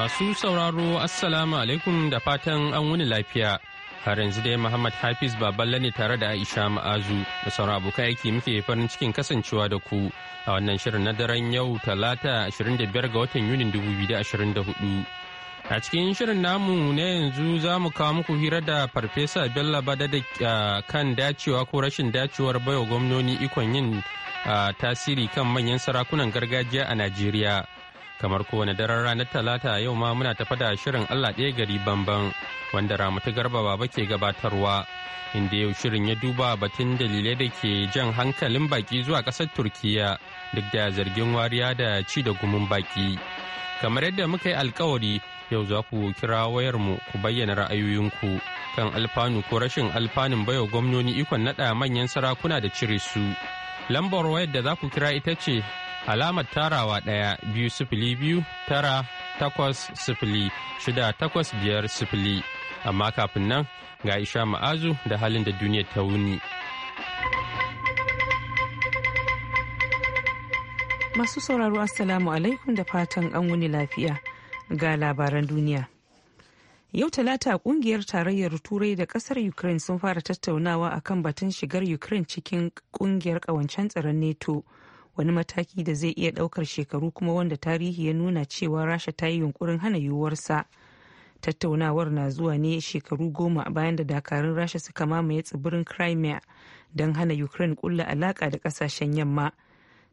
Masu sauraro Assalamu alaikum da fatan an wuni lafiya. Har yanzu dai Muhammad Hafiz Baballe ne tare da Aisha Ma'azu da sauran abokai aiki muke farin cikin kasancewa da ku a wannan shirin na daren yau talata 25 ga watan Yunin 2024. A cikin shirin namu na yanzu za mu kawo muku hira da Farfesa Bello Bada da kan dacewa ko rashin dacewar baiwa gwamnoni ikon yin tasiri kan manyan sarakunan gargajiya a Najeriya. kamar kowane daren ranar talata yau ma muna tafa da shirin allah ɗaya gari bamban wanda ramatu garba baba ke gabatarwa inda yau shirin ya duba batun dalilai da ke jan hankalin baki zuwa ƙasar turkiya duk da zargin wariya da ci da gumin baki kamar yadda muka yi alkawari yau za ku kira wayarmu ku bayyana ra'ayoyinku kan alfanu ko rashin alfanun baiwa gwamnoni ikon naɗa manyan sarakuna da cire su lambar wayar da za ku kira ita ce alamar tarawa ɗaya biyu sifili biyu tara takwas sifili shida takwas biyar sifili amma kafin nan ga isha ma'azu da halin da duniya ta wuni. Masu sauraro Assalamu alaikum da fatan an wuni lafiya ga labaran duniya. Yau talata kungiyar tarayyar turai da kasar Ukraine sun fara tattaunawa akan batun shigar Ukraine cikin kungiyar kawancen tsaron neto. wani mataki da zai iya ɗaukar shekaru kuma wanda tarihi ya nuna cewa rasha ta yi yunkurin hana yiwuwarsa tattaunawar na zuwa ne shekaru goma bayan da dakarun rasha suka mamaye tsibirin crimea don hana ukraine kulla alaka da kasashen yamma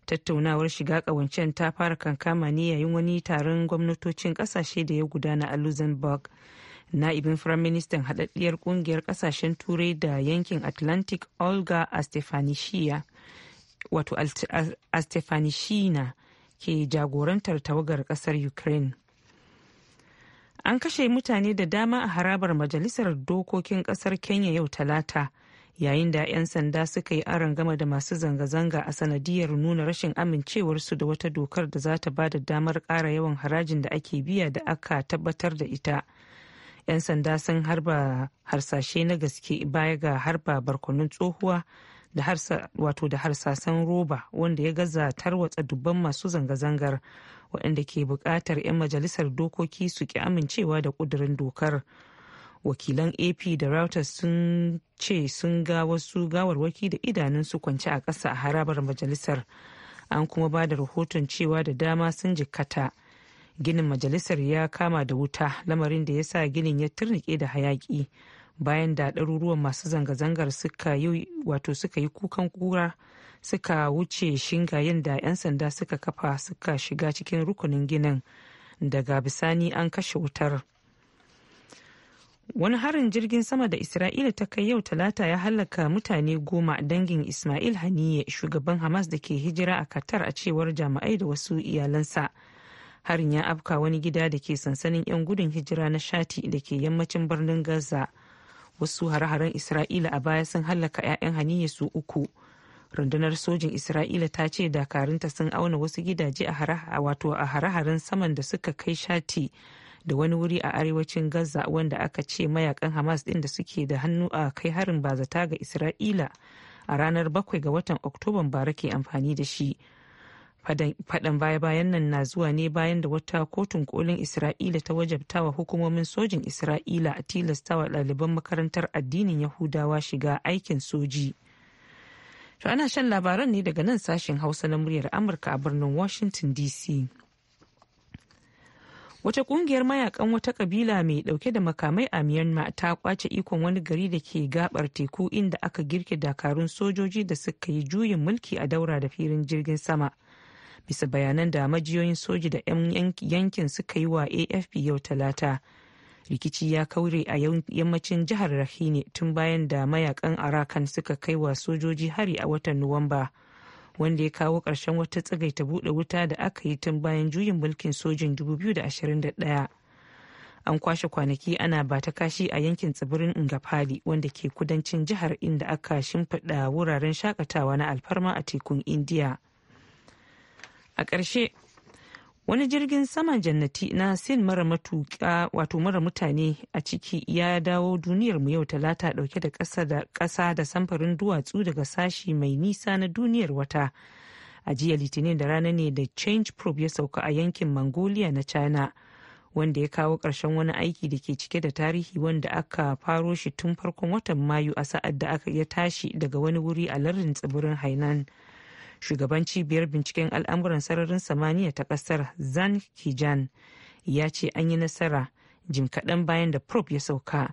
tattaunawar shiga kawancen ta fara kankama ne yayin wani taron gwamnatocin kasashe da ya gudana a luxembourg na'ibin firaministan haɗaɗɗiyar ƙungiyar ƙasashen turai da yankin atlantic olga stefanishiya wato astefanishina ke jagorantar tawagar kasar ukraine an kashe mutane da dama a harabar majalisar dokokin kasar kenya yau talata yayin da 'yan sanda suka yi aron gama da masu zanga-zanga a sanadiyar nuna rashin amincewarsu da wata dokar da za ta ba da damar ƙara yawan harajin da ake biya da aka tabbatar da ita 'yan sanda sun harba harsashe na gaske baya ga harba barkonun tsohuwa wato da harsasan roba wanda ya gaza tarwatsa dubban masu zanga-zangar waɗanda ke buƙatar 'yan majalisar dokoki su ki amincewa da ƙudurin dokar wakilan ap da reuters sun ce sun ga wasu gawarwaki da idanunsu kwanci a ƙasa a harabar majalisar an kuma ba da rahoton cewa da dama sun jikkata ginin majalisar ya kama da wuta lamarin da ya sa ginin ya turnike da hayaƙi. bayan da ɗaruruwan masu zanga-zangar suka yi wato suka yi kukan kura suka wuce shinga da 'yan sanda suka kafa suka shiga cikin rukunin ginin daga bisani an kashe wutar wani harin jirgin sama da isra'ila ta kai yau talata ya hallaka mutane goma dangin ismail haniye shugaban hamas da ke hijira a katar a cewar jama'ai da wasu iyalansa harin ya afka wani gida da ke sansanin 'yan gudun hijira na shati da ke yammacin birnin gaza wasu hare-haren isra'ila a baya sun hallaka 'ya'yan haniya su uku rundunar sojin isra'ila ta ce dakarunta sun auna wasu gidaje a wato a hare-haren saman da suka kai shati da wani wuri a arewacin gaza wanda aka ce mayakan hamas din da suke da hannu a kai harin bazata ga isra'ila a ranar bakwai ga watan oktoban bara ke amfani da shi fadan baya-bayan nan na zuwa ne bayan da wata kotun kolin isra'ila ta wajabta wa hukumomin sojin isra'ila a tilastawa ɗaliban makarantar addinin yahudawa shiga aikin soji to ana shan labaran ne daga nan sashen hausa na muryar amurka a birnin washington dc wata kungiyar mayakan wata kabila mai dauke da makamai a myanmar ta kwace ikon wani gari da ke gabar teku inda aka girke dakarun sojoji da suka yi juyin mulki a daura da filin jirgin sama bisa bayanan da majiyoyin soji da 'yan yankin suka yi wa afp yau talata rikici ya kaure a yammacin jihar rahine tun bayan da mayakan arakan suka kai wa sojoji hari a watan nuwamba wanda ya kawo ƙarshen wata tsagaita buɗe wuta da aka yi tun bayan juyin mulkin sojin 2021 an kwashe kwanaki ana ba ta kashi a yankin tsibirin ingapali wanda ke kudancin jihar inda aka shimfiɗa wuraren shakatawa na alfarma a tekun indiya a ƙarshe wani jirgin saman jannati na sin mara matuƙa wato mara mutane a ciki ya dawo duniyarmu yau talata dauke da ƙasa da samfarin duwatsu daga sashi mai nisa na duniyar wata a jiya litinin da rana ne da change probe ya sauka a yankin mongolia na china wanda ya kawo ƙarshen wani aiki da ke cike da tarihi wanda aka faro shi tun farkon watan mayu a sa'ad da aka ya tashi daga wani wuri a lardin tsibirin hainan shugaban cibiyar binciken al'amuran sararin samaniya ta kasar zan kijan ya ce an yi nasara jim kaɗan bayan da probe ya sauka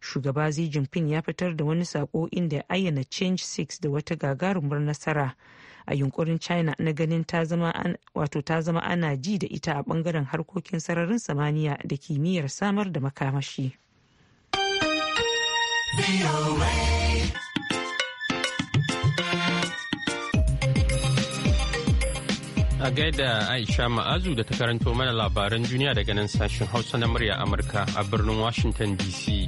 shugaba xi jinping ya fitar da wani sako inda ya ayyana change 6 da wata gagarumar nasara a yunkurin china na ganin ta zama ana ji da ita a bangaren harkokin sararin samaniya da kimiyyar samar da makamashi. A gaida Aisha Ma'azu da ta karanto mana labaran duniya daga nan sashen Hausa na murya Amurka a birnin Washington DC.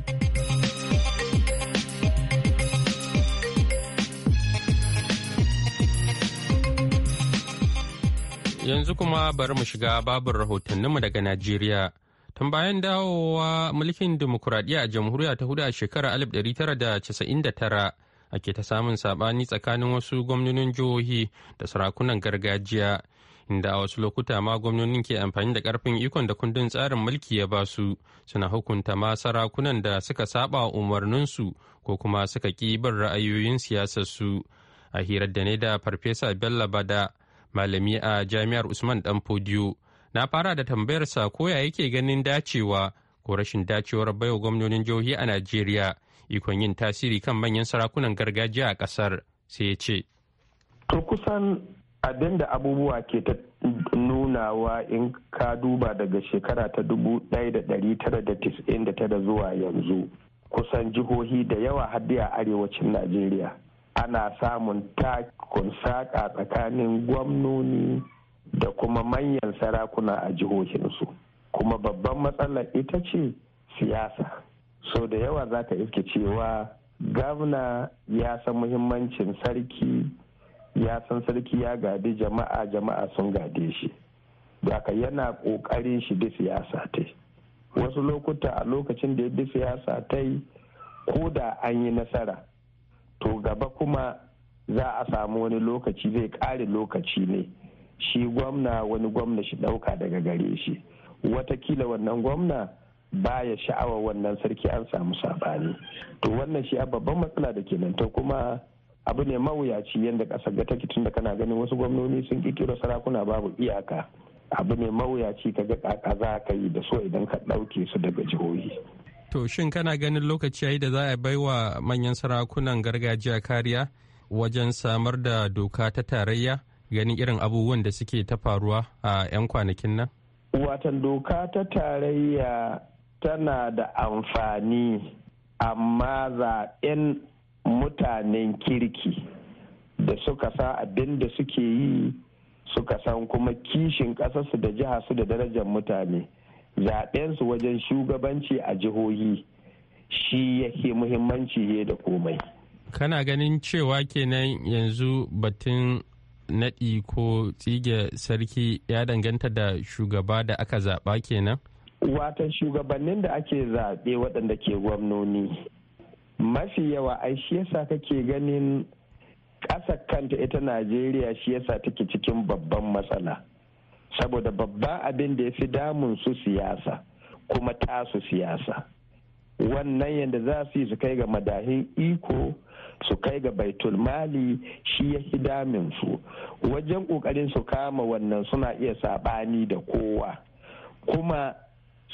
Yanzu kuma bari mu shiga babin rahotanninmu daga Najeriya. Tun bayan dawowa mulkin dimokuraɗiyya a jamhuriya ta hudu a shekarar 1999 ake ta samun saɓani tsakanin wasu gwamnonin jihohi da sarakunan gargajiya inda a wasu lokuta ma gwamnonin ke amfani da karfin ikon da kundin tsarin mulki ya ba su suna hukunta ma sarakunan da suka saba umarninsu ko kuma suka ƙi bin ra'ayoyin siyasarsu a hirar da ne da farfesa bello bada malami a jami'ar usman dan fodiyo na fara da tambayarsa ko ya yake ganin dacewa ko rashin dacewar baiwa gwamnonin jihohi a najeriya ikon yin tasiri kan manyan sarakunan gargajiya a kasar sai ya ce to kusan abin da abubuwa ke ta nunawa in ka duba daga shekara ta da da ɗari tara 1999 zuwa yanzu kusan jihohi da yawa haddi a arewacin najeriya ana samun takun saƙa tsakanin gwamnoni da kuma manyan sarakuna a jihohinsu kuma babban matsalar ita ce siyasa so da yawa za ka iske cewa gwamna ya san muhimmancin sarki ya san sarki ya gadi jama'a jama'a sun gade shi daga yana ƙoƙarin shi da siyasa ta wasu lokuta a lokacin da ya bi siyasa ta yi ko da an yi nasara to gaba kuma za a samu wani lokaci zai ƙare lokaci ne shi gwamna wani gwamna shi ɗauka daga gare shi watakila wannan gwamna baya sha'awar wannan sarki an samu sabani to wannan shi a babban matsala da ke nan ta kuma abu ne mawuyaci yadda ƙasar ga take tunda kana ganin wasu gwamnoni sun ƙirƙiro sarakuna babu iyaka abu ne mawuyaci ka ga kaka za ka yi da so idan ka ɗauke su daga jihohi to shin kana ganin lokaci yayi da za a bai wa manyan sarakunan gargajiya kariya wajen samar da doka ta tarayya ganin irin abubuwan da suke ta faruwa a 'yan kwanakin nan watan doka ta tarayya tana da amfani amma zaɓen mutanen kirki da suka sa abin da suke yi suka san kuma kishin ƙasarsu da jiha su da darajar mutane su wajen shugabanci a jihohi shi yake muhimmanci da komai kana ganin cewa kenan yanzu batun naɗi ko tsige sarki ya danganta da shugaba da aka zaɓa kenan? watan shugabannin da ake zaɓe waɗanda ke gwamnoni mafi yawa ai shi yasa kake ganin ƙasa kanta ita najeriya shi yasa take cikin babban matsala saboda babban abin da ya fi damun su siyasa kuma tasu siyasa wannan yadda za su yi su kai ga madahin iko su kai ga baitul mali shi ya fi damin su wajen ƙoƙarin su kama wannan suna iya saɓani da kowa kuma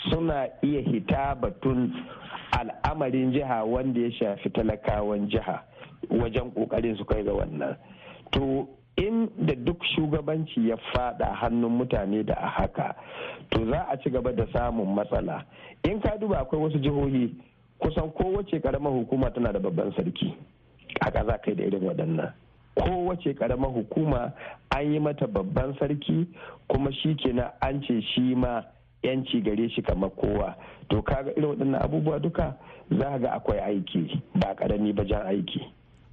suna iya hita batun al'amarin jiha wanda ya shafi talakawan jiha wajen kokarin su kai ga wannan to in da duk shugabanci ya fada hannun mutane da a haka to za a ci gaba da samun matsala in ka duba akwai wasu jihohi kusan kowace karamar hukuma tana da babban sarki haka za kai da irin waɗannan kowace karamar hukuma an yi mata babban sarki kuma shi kenan an ce shi ma yanci gare shi kamar kowa to kaga irin waɗannan abubuwa duka za ga akwai aiki ba ƙarami ba jan aiki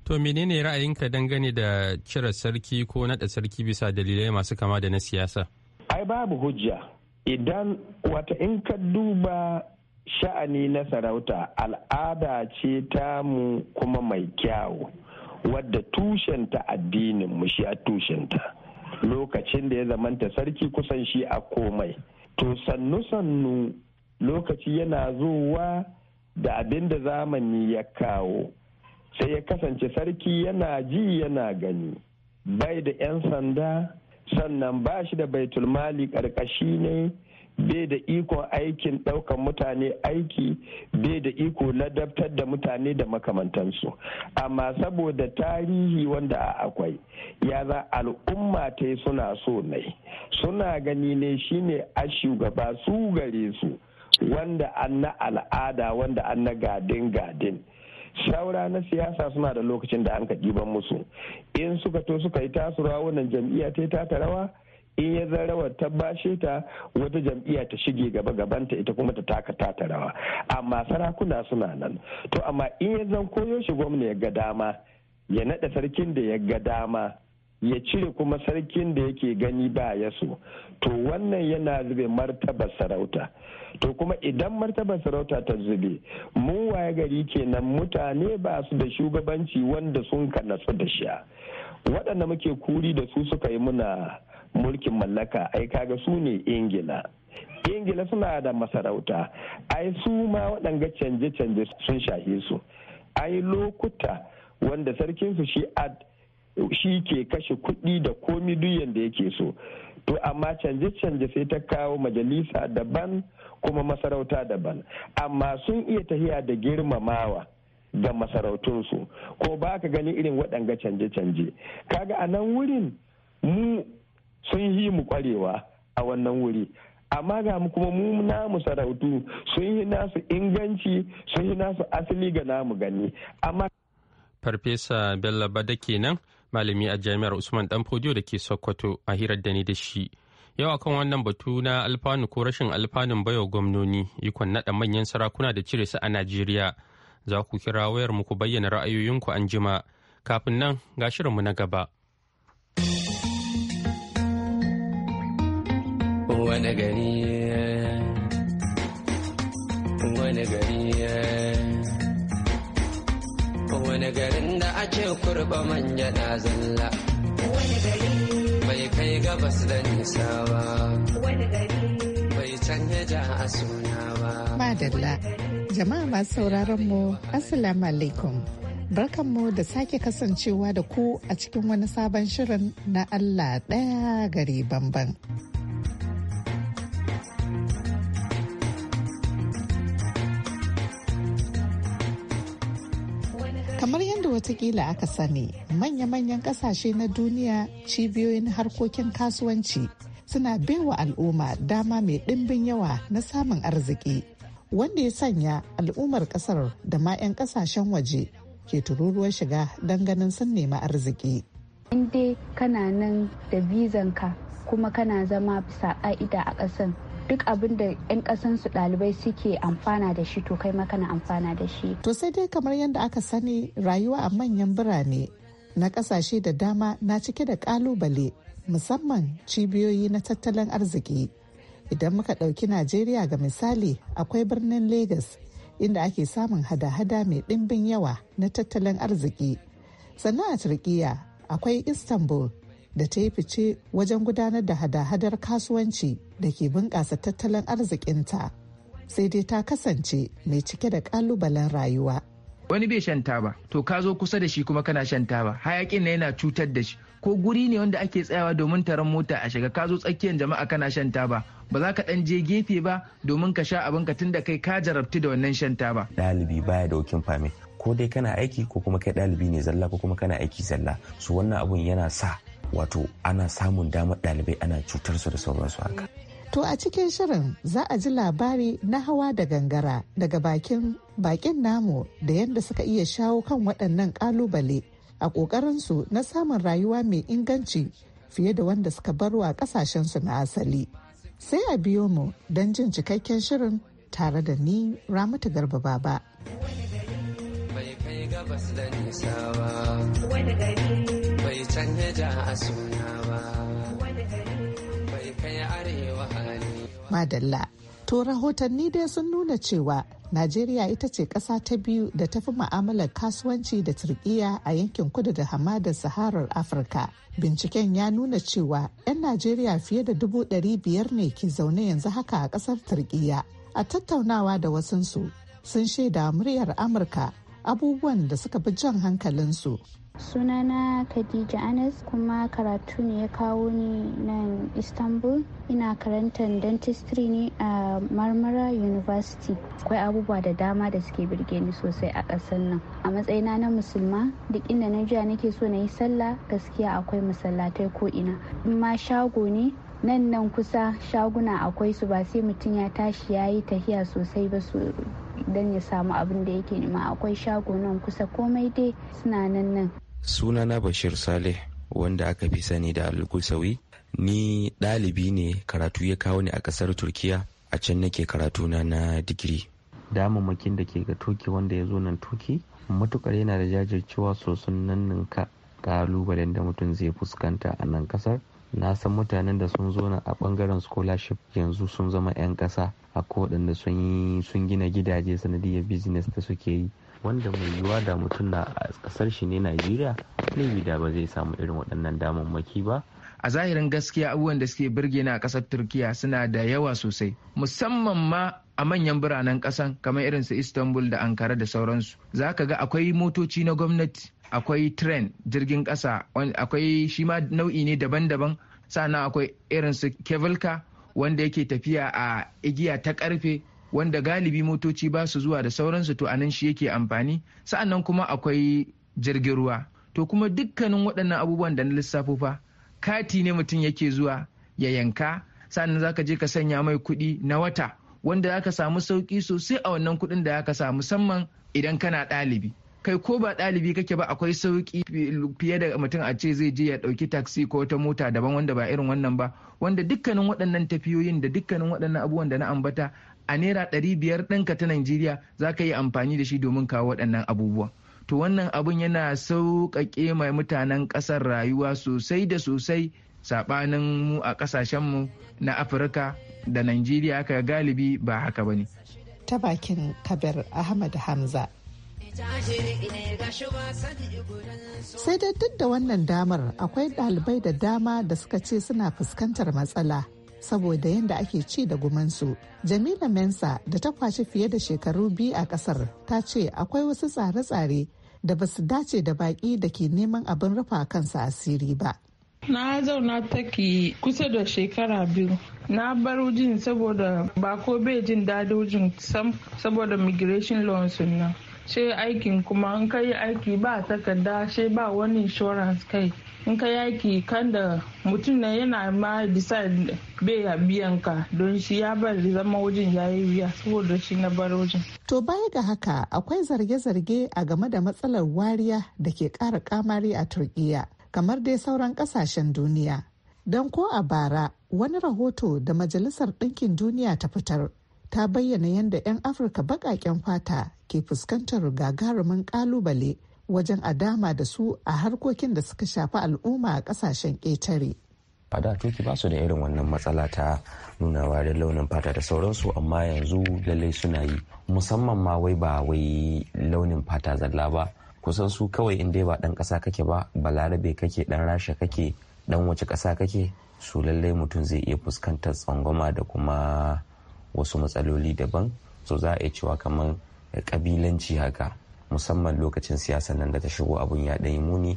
to menene ra'ayinka dangane da cire sarki ko naɗa sarki bisa dalilai masu kama da na siyasa ai babu hujja idan wata in ka duba sha'ani na sarauta al'ada ce ta mu kuma mai kyawu wadda tushenta addinin mu shi a tushenta lokacin da ya zamanta sarki kusan shi a komai to sannu-sannu lokaci yana zuwa da abin da zamani ya kawo sai ya kasance sarki yana ji yana gani bai da 'yan sanda sannan ba shi da baitulmali ƙarƙashi ne bai da ikon aikin ɗaukan mutane aiki bai da iko ladabtar da mutane da makamantansu amma saboda tarihi wanda a akwai ya za al'umma ta suna so ne suna gani ne shine a shugaba su gare su wanda an na al'ada wanda an na gadin gadin shawara na siyasa suna da lokacin da an ka ɗiban musu in suka to suka yi tasu wannan jam'iyya ta yi tata rawa in ya zan ta bashe ta wata jam'iyya ta shige gaba gabanta ita kuma ta taka tata rawa amma sarakuna suna nan to amma in ya zan koyo shi gwamna ya ga dama ya naɗa sarkin da ya ga dama ya cire kuma sarkin da yake gani ba ya so to wannan yana zube martaba sarauta to kuma idan martabar sarauta ta zube mu waye gari kenan mutane ba su da shugabanci wanda sun ka natsu da sha waɗanda muke kuri da su suka yi muna mulkin mallaka ai kaga su ne ingila ingila suna da masarauta ai su ma waɗanga canje-canje sun shahe su ai lokuta wanda sarkinsu shi shi ke kashe kuɗi da komi duyan da yake so to amma canje-canje sai ta kawo majalisa daban kuma masarauta daban amma sun iya tahiya da girmamawa ga masarautunsu ko ba ka gani irin waɗanga canje-canje kaga a nan wurin mu sun yi mu kwarewa a wannan wuri amma ga mu kuma mu namu sarautu sun yi nasu inganci sun yi nasu asali ga namu gani amma farfesa bello bada kenan malami a jami'ar usman dan fodiyo da ke sokoto a hirar da ni da shi yau akan wannan batu na alfanu ko rashin alfanun baiwa gwamnoni ikon naɗa manyan sarakuna da cire su a najeriya za ku kira wayar mu ku bayyana ra'ayoyinku an jima kafin nan ga shirinmu na gaba wani gari wani gari wani garin da ake kurba manya na zalla wani gari bai kai gabas da nisa ba wani gari bai canja a suna ba madalla jama'a masu sauraron mu assalamu alaikum Barkanmu da sake kasancewa da ku a cikin wani sabon shirin na Allah ɗaya gari bamban. watakila aka sani manya-manyan kasashe na duniya cibiyoyin harkokin kasuwanci suna baiwa al'umma dama mai ɗimbin yawa na samun arziki wanda ya sanya al'ummar kasar da ma 'yan kasashen waje ke tururuwar shiga don ganin sun nemi arziki. In dai kana nan da bizanka kuma kana zama bisa ka'ida a ƙasan duk abin da 'yan su ɗalibai suke amfana da shi to kai maka na amfana da shi. To sai dai kamar yadda aka sani rayuwa a manyan birane na ƙasashe da dama na cike da ƙalubale musamman cibiyoyi na tattalin arziki. Idan muka ɗauki Najeriya ga misali akwai birnin Legas inda ake samun hada-hada mai ɗimbin yawa na tattalin arziki. Sannan a Turkiya akwai Istanbul da ta yi fice wajen gudanar da hada-hadar kasuwanci da ke bunƙasa tattalin arzikinta sai dai ta kasance mai cike da ƙalubalen rayuwa wani bai shan taba to ka zo kusa da shi kuma kana shan taba hayakin na yana cutar da shi ko guri ne wanda ake tsayawa domin taron mota a shiga ka zo tsakiyar jama'a kana shan taba ba za ka ɗan je gefe ba domin ka sha abin ka da kai ka jarabtu da wannan shan taba ɗalibi baya da wakin fami ko dai kana aiki ko kuma kai ɗalibi ne zalla ko kuma kana aiki zalla su wannan abun yana sa wato ana samun damar dalibai ana cutar su da sauransu haka. To a cikin shirin za a ji labari na hawa da gangara daga bakin bakin namu da yadda suka iya shawo kan waɗannan kalubale a ƙoƙarinsu na samun rayuwa mai inganci fiye da wanda suka barwa ƙasashensu na asali. Sai a biyo mu don jin cikakken shirin tare da ni Ramatu Garba Baba. Bai kai gabas da San ja a suna ba bai kai arewa hali madalla to rahotanni dai sun nuna cewa Najeriya ita ce ƙasa ta biyu da ta fi ma'amalar kasuwanci da turkiya a yankin kudu da hamadar Saharar Afirka. Binciken ya nuna cewa 'yan Najeriya fiye da dubu ɗari biyar ne ke zaune yanzu haka a ƙasar turkiya A tattaunawa da wasansu, sun shaida muryar Amurka abubuwan da suka fi jan hankalinsu sunana khadija anas kuma karatu ne ya kawo ni nan istanbul ina karantar dentistry ne a marmara university akwai abubuwa da dama da suke birge ni sosai a ƙasar nan a matsayina na musulma duk inda na jiya nake so na yi sallah gaskiya akwai masallatai ko ina in ma shago ne nan nan kusa shaguna akwai su ba sai mutum ya tashi ya yi tahiya sosai ba su don ya samu abin da yake nema akwai shago nan kusa komai dai suna nan nan sunana bashir saleh wanda aka fi sani da alkusawi ni ɗalibi ne karatu ya kawo ni a ƙasar turkiya a can nake karatu na na digiri damammakin da ke ga toki wanda ya zo nan toki matukar yana da jajircewa sosan nan ninka kalubalen da mutum zai fuskanta a nan kasar na san mutanen da sun zo na a bangaren scholarship yanzu sun zama 'yan ƙasa a da sun gina gidaje sanadiyar business da suke yi wanda mai yiwuwa da mutum na a kasar shi ne najeriya ne da ba zai samu irin waɗannan damammaki ba a zahirin gaskiya abubuwan da suke birge na ƙasar turkiya suna da yawa sosai musamman ma a manyan biranen ƙasan kamar irin su istanbul da ankara da sauransu za ka ga akwai motoci na gwamnati akwai tren jirgin ƙasa akwai shi ma nau'i ne daban-daban sannan akwai irin su kevilka wanda yake tafiya a igiya ta ƙarfe wanda galibi motoci ba su zuwa da sauransu to anan shi yake amfani sa'annan kuma akwai jirgin ruwa to kuma dukkanin waɗannan abubuwan da na lissafo fa kati ne mutum yake zuwa ya yanka sa'annan zaka je ka sanya mai kuɗi na wata wanda zaka samu sauki sosai a wannan kuɗin da zaka samu musamman idan kana ɗalibi kai ko ba ɗalibi kake ba akwai sauki fiye da mutum a ce zai je ya ɗauki taksi ko wata mota daban wanda ba irin wannan ba wanda dukkanin waɗannan tafiyoyin da dukkanin waɗannan abubuwan da na ambata a naira ɗari biyar ɗinka ta najeriya za ka yi amfani da shi domin kawo waɗannan abubuwa to wannan abun yana sauƙaƙe mai mutanen ƙasar rayuwa sosai da sosai saɓanin mu a ƙasashenmu na afirka da najeriya ka galibi ba haka ba ne ta bakin kabir ahmad hamza sai dai duk da wannan damar akwai ɗalibai da dama da suka ce suna fuskantar matsala saboda yadda ake ci da gumansu. Jamila Mensa da ta kwashi fiye da shekaru biyu a kasar ta ce akwai wasu tsare-tsare da ba su dace da baƙi da ke neman abin rufa kansa asiri ba. Na zauna taki kusa da shekara biyu. Na bar wujin saboda ba ko bai jin dadojin sam saboda migration laws nan. Sai aikin kuma an kai aiki ba takarda sai ba wani insurance kai. in ka yaki kan da mutum na yana ma decide bai ya biyan ka don shi ya bar zama wajen ya yi wuya saboda shi na bar wajen. To baya ga haka akwai zarge-zarge a game da matsalar wariya da ke kara kamari a turkiya kamar dai sauran kasashen duniya. Don ko a bara wani rahoto da Majalisar Ɗinkin Duniya ta fitar ta bayyana yadda 'yan Afirka baƙaƙen fata ke fuskantar gagarumin ƙalubale wajen adama da su a harkokin da suka shafi al'umma a kasashen ƙetare. a da turki ba su da irin wannan matsala ta nuna wariyar launin fata da sauransu amma yanzu lallai suna yi musamman ma wai ba wai launin fata zalla ba kusan su kawai in dai ba dan ƙasa kake ba balarabe kake dan rasha kake dan wace ƙasa kake su lallai mutum zai iya fuskantar tsangwama da kuma wasu matsaloli daban so za a iya cewa kamar kabilanci haka musamman lokacin siyasan nan da ta shigo abun ya ɗanyi muni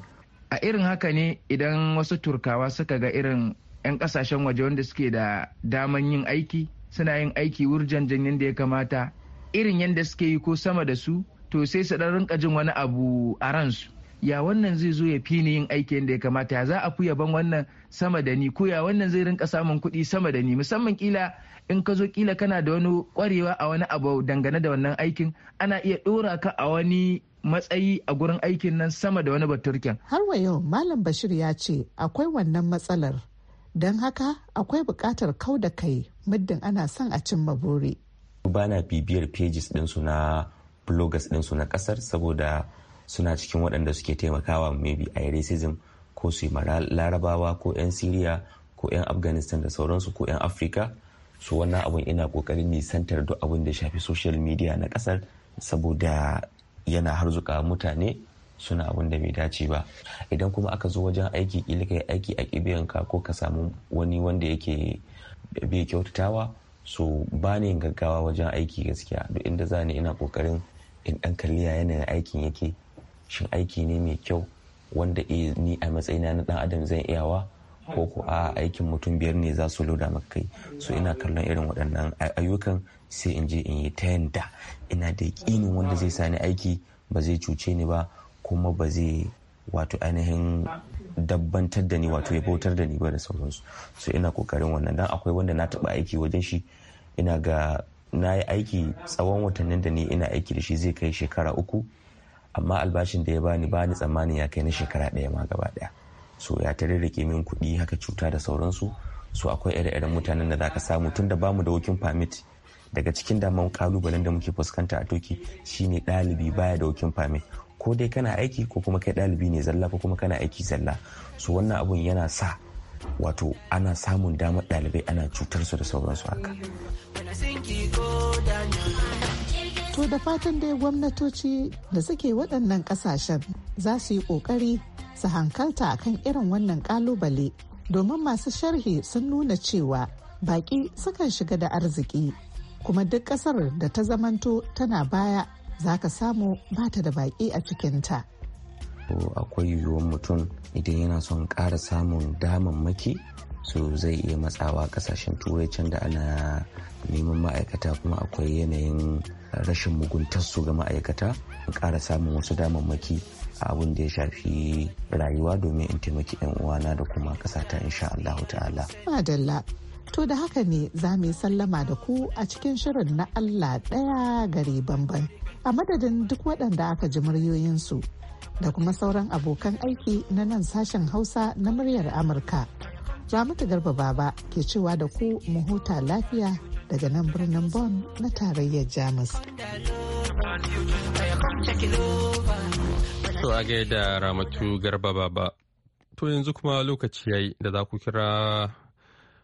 a irin haka ne idan wasu turkawa suka ga irin 'yan kasashen waje wanda suke da daman yin aiki suna yin aiki janyen da ya kamata irin yadda suke yi ko sama da su to sai su dan rinka jin wani abu a ransu ya wannan zai zo ya fi ni yin aikin da ya kamata ya za a fi yaban wannan sama da ni ko ya wannan zai rinka samun kuɗi sama da ni musamman kila in ka zo kila kana da wani kwarewa a wani abu dangane da wannan aikin ana iya ɗora ka a wani matsayi a gurin aikin nan sama da wani baturken. Har wa yau Malam Bashir ya ce akwai wannan matsalar don haka akwai buƙatar kau da kai muddin ana son a cimma buri. Bana bibiyar pages ɗinsu na bloggers ɗinsu na ƙasar saboda suna cikin waɗanda suke taimakawa maybe a racism ko su yi larabawa ko 'yan syria ko 'yan afghanistan da sauransu ko 'yan afirka su wannan abun ina kokarin nisantar duk abin da shafi social media na kasar saboda yana harzuka mutane suna abin da bai dace ba idan kuma aka zo wajen aiki kila ka aiki a kibiyanka ko ka samu wani wanda yake bai kyautatawa su ba ne gaggawa wajen aiki gaskiya duk inda za ni ina kokarin in dan kalliya yanayin aikin yake shin aiki ne mai kyau wanda eh, ni a matsayina na dan adam zan iyawa ko ko a aikin mutum biyar ne za su loda maka kai so ina kallon irin waɗannan ayyukan sai in je in yi ta yanda ina da yakinin wanda zai sani aiki ba zai cuce ni ba kuma ba zai wato ainihin dabbantar da ni wato ya bautar da ni ba da sauransu so ina kokarin wannan dan akwai wanda na taɓa aiki wajen shi ina ga na yi aiki tsawon watannin da ni ina aiki da shi zai kai shekara uku amma albashin da ya bani ba ni tsammanin ya kai na shekara ɗaya ma gaba ɗaya so ya tarirrike min kuɗi haka cuta da sauransu so akwai ire-iren mutanen da zaka samu tun da bamu da wakin permit daga cikin daman kalubalen da muke fuskanta a toki shine ɗalibi baya da wakin permit ko dai kana aiki ko kuma kai ɗalibi ne zalla ko kuma kana aiki zalla so wannan abun yana sa wato ana samun damar ɗalibai ana cutar su da sauransu haka. To da fatan dai gwamnatoci da suke waɗannan ƙasashen za su yi ƙoƙari su hankalta kan irin wannan ƙalubale domin masu sharhi sun nuna cewa baƙi sukan shiga da arziki kuma duk ƙasar da ta zamanto tana baya za ka samu bata da baƙi a cikinta. akwai yiwuwar mutum idan yana son ƙara samun damammaki su zai iya matsawa ƙasashen turai can da ana neman ma'aikata kuma akwai yanayin rashin muguntarsu ga ma'aikata in ƙara samun wasu damammaki a abin da ya shafi rayuwa domin in taimaki 'yan uwana da kuma ƙasata insha Allah ta'ala. Madalla To da haka ne za mu yi sallama da ku a cikin shirin na Allah ɗaya gari bamban a madadin duk waɗanda aka ji muryoyinsu da kuma sauran abokan aiki na nan sashen Hausa na muryar Amurka. Ramatu Garba Baba ke cewa da ku mu huta lafiya daga nan birnin Bonn na tarayyar Jamus. To a gaida Ramatu Garba Baba. To yanzu kuma lokaci yayi da za ku kira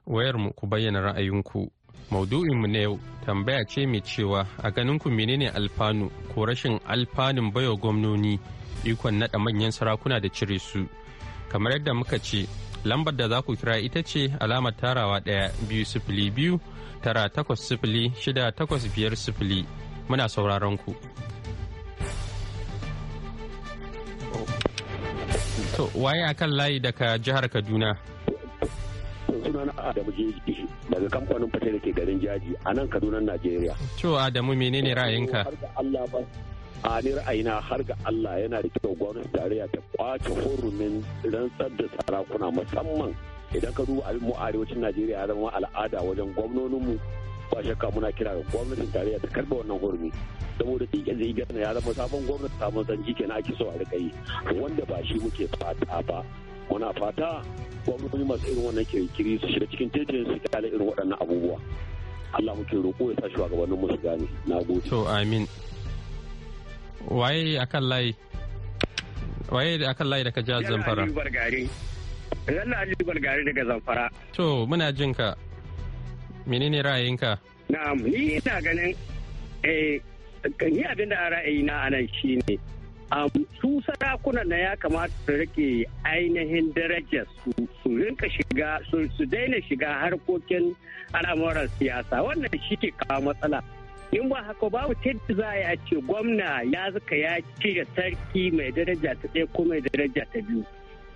mu ku bayyana ra'ayinku. Maudu'inmu na yau tambaya ce mai cewa a ganinku menene alfanu ko rashin alfanun baiwa gwamnoni ikon naɗa manyan sarakuna da cire su. Kamar yadda muka ce, lambar da za ku kira ita ce alamar tarawa ɗaya biyu sifili biyu tara takwas sifili shida takwas muna sauraron ku. To waye a kan layi daga jihar Kaduna? Sunana Adamu Jeji daga kamfanin fashe da ke garin Jaji a nan Kaduna Najeriya. To Adamu menene ra'ayinka? a ni ra'ayina har ga Allah yana da kyau gwamnati tarayya ta kwace hurumin rantsar da sarakuna musamman idan ka duba abin mu arewacin najeriya ya zama al'ada wajen gwamnoninmu ba shakka muna kira ga gwamnatin tarayya ta karba wannan hurumi saboda shi yanzu igana ya zama sabon gwamnati sabon zanji kenan ake so a rika yi wanda ba shi muke fata ba muna fata gwamnati masu irin wannan kirkiri su shiga cikin tejin su kyale irin waɗannan abubuwa Allah muke roƙo ya sa shugabannin mu su gane na gode to amin waye akan layi waye akan layi daga ja Zamfara Lalla Ali Balgari daga Zamfara. To muna jin ka. Menene ra'ayinka? Na'am, ni ina ganin eh ni abin da ra'ayina anan nan su sarakuna na ya kamata su rike ainihin daraja su su rinka shiga su daina shiga harkokin al'amuran siyasa wannan shi ke kawo matsala in ba haka babu yadda za a ce gwamna ya zuka ya cire sarki mai daraja ta ɗaya ko mai daraja ta biyu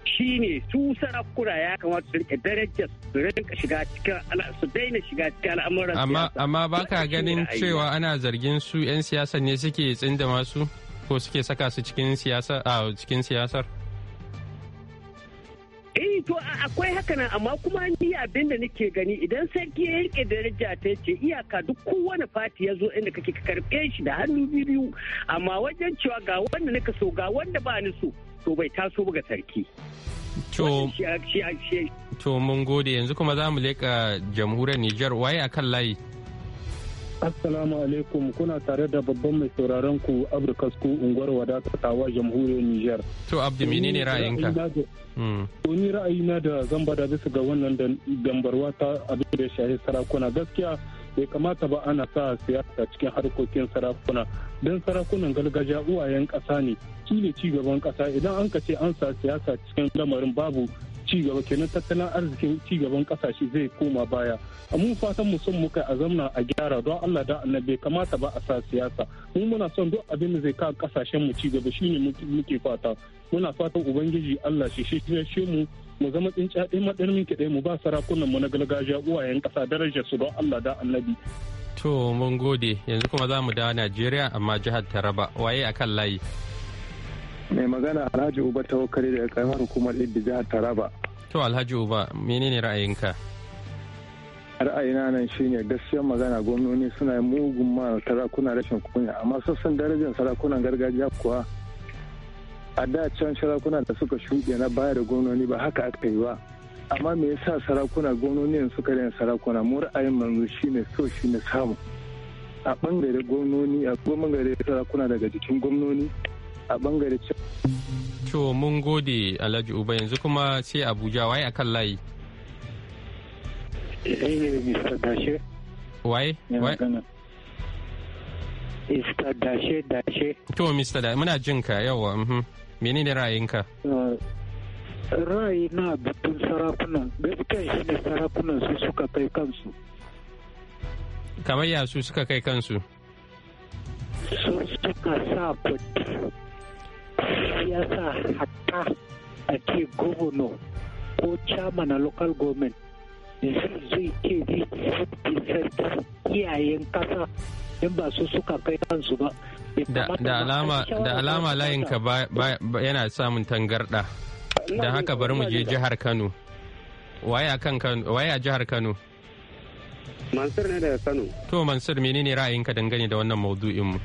shi ne su sarakuna ya kamata su rike darajar su rinka shiga cikin su daina shiga cikin al'amuran amma amma baka ganin cewa ana zargin su yan siyasa ne suke tsinda masu ko suke saka su cikin siyasa a cikin siyasar eh to akwai haka nan amma kuma ni abin da nake gani idan sarki ya rike daraja ta ce iyaka duk kowane fati ya zo inda kake karbe shi da hannu biyu amma wajen cewa ga wanda nika so ga wanda ba ni so to bai taso ga sarki to mun gode yanzu kuma za mu leƙa jamhuriyar Nijar waye a kan layi Assalamu alaikum kuna tare da babban mai sauraron ku Abdu Kasku unguwar wadatatawa jamhuriyar Nijar. To Abdu menene ra'ayinka? Hmm. To ni ra'ayina da zan bada bisa ga wannan da gambarwa ta abin da shahi sarakuna gaskiya bai kamata ba ana sa siyasa cikin harkokin sarakuna don sarakunan gargajiya uwayen ƙasa ne su ne cigaban ƙasa idan an ka ce an sa siyasa cikin lamarin babu cigaba kenan tattalin arzikin cigaban ƙasashe zai koma baya a mun fatan mu son muka a zamna a gyara don Allah da annabi kamata ba a sa siyasa mu muna son duk abin da zai kawo kasashen mu cigaba shine muke fata muna fatan ubangiji Allah shi shi shi mu mu zama tsinciya ɗaya min kaɗai mu ba sarakunan mu na gargajiya uwayen ƙasa darajar su don Allah da annabi. To mun gode yanzu kuma za mu dawo Najeriya amma jihar Taraba waye a kan layi. Mai magana Alhaji Uba ta wakari daga karamar hukumar Ibbi jihar Taraba. To Alhaji Uba menene ra'ayinka? ra'ayina nan shine gaskiyar magana gwamnoni suna mugun ma sarakuna rashin kunya amma sassan darajar sarakunan gargajiya kuwa a da can sarakuna da suka shuɗe na baya da gwamnoni ba haka aka yi ba amma me yasa sarakuna gwamnoni suka daina sarakuna mu ra'ayin manzo shine so shine samu a bangare gwamnoni a bangare sarakuna daga jikin gwamnoni a bangare to mun gode alhaji uba yanzu kuma sai abuja waye akan layi eh, waye Mr. Dashe Dashe. To, Mr. Dashe, muna jin ka yawa. Mhm. menene ra'ayinka eh, ra'ayi na batun sarakunan gaskiya ne sarakunan su suka kai kansu kamar ya su suka kai kansu su suka sa batu ya sa hatta a ce governor ko chama na local government zai ke zai sarki iyayen kasa in ba su suka kai kansu ba da alama layinka yana samun tangarɗa da haka bari mu je jihar kano waya jihar kano mansur ne daga kano to mansur menene ra'ayinka dangane da wannan maudu'in mu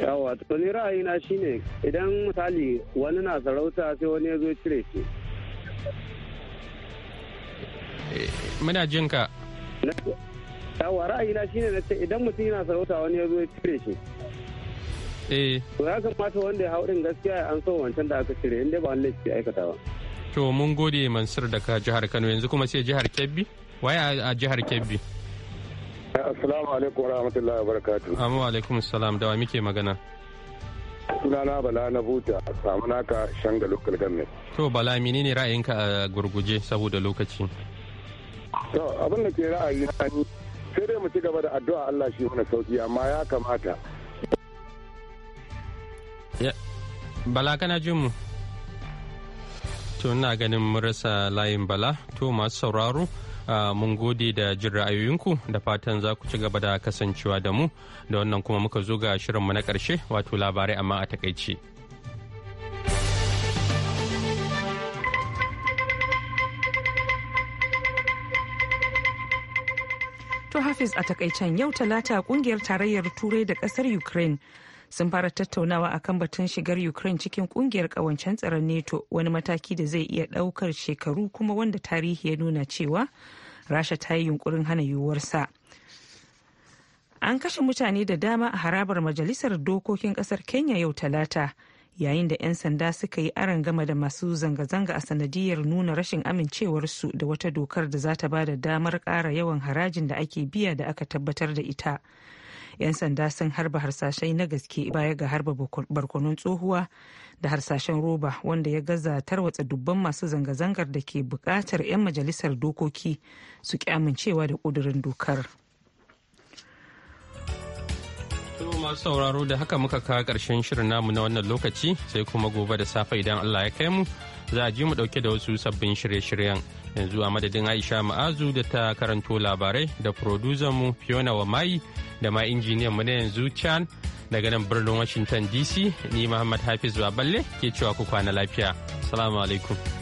yawa to ni ra'ayina shine idan misali wani na sarauta sai wani ya zo cire shi eh, muna jinka yawa ra'ayina shine na ce idan mutum yana sarauta wani ya zo ya cire shi eh to ya kamata wanda ya hau din gaskiya an so wancan da aka cire inda ba wani laifi aikata ba to mun gode mansur daga jihar kano yanzu kuma sai jihar kebbi waye a jihar kebbi assalamu alaikum warahmatullahi wabarakatuh amma alaikum salam da wa muke magana sunana bala na buta samu naka shanga local government to bala menene ra'ayinka a gurguje saboda lokaci to abin da ke ra'ayi na ni sai dai mu ci gaba da addu'a Allah shi mana sauki amma ya kamata bala kana jin mu to ina ganin mun rasa layin bala to masu sauraro mun gode da jin ra'ayoyinku da fatan za ku ci gaba da kasancewa da mu da wannan kuma muka zo ga shirinmu na ƙarshe wato labarai amma a takaice. hafiz a takaicen yau talata kungiyar tarayyar turai da kasar ukraine sun fara tattaunawa a kan batun shigar ukraine cikin kungiyar kawancen tsaron neto wani mataki da zai iya daukar shekaru kuma wanda tarihi ya nuna cewa rasha ta yi yunkurin hana yiwuwarsa an kashe mutane da dama a harabar majalisar dokokin kasar kenya yau talata yayin da 'yan sanda suka yi aron gama da masu zanga-zanga a sanadiyar nuna rashin amincewarsu da wata dokar da za ta ba da damar ƙara yawan harajin da ake biya da aka tabbatar da ita. 'yan sanda sun harba harsashai na gaske baya ga harba barkonon tsohuwa da harsashen roba wanda ya gaza tarwatsa dubban masu zanga-zangar da ke bukatar 'yan majalisar dokoki su amincewa da ƙudurin dokar. masu sauraro da haka muka kawo ƙarshen shirin namu na wannan lokaci sai kuma gobe da safe idan Allah ya kai mu za a ji mu ɗauke da wasu sabbin shirye-shiryen yanzu a madadin Aisha Ma'azu da ta karanto labarai da producer mu Fiona Wamai da ma injiniyan mu na yanzu Chan daga nan birnin Washington DC ni Muhammad Hafiz Baballe ke cewa ku kwana lafiya. Assalamu alaikum.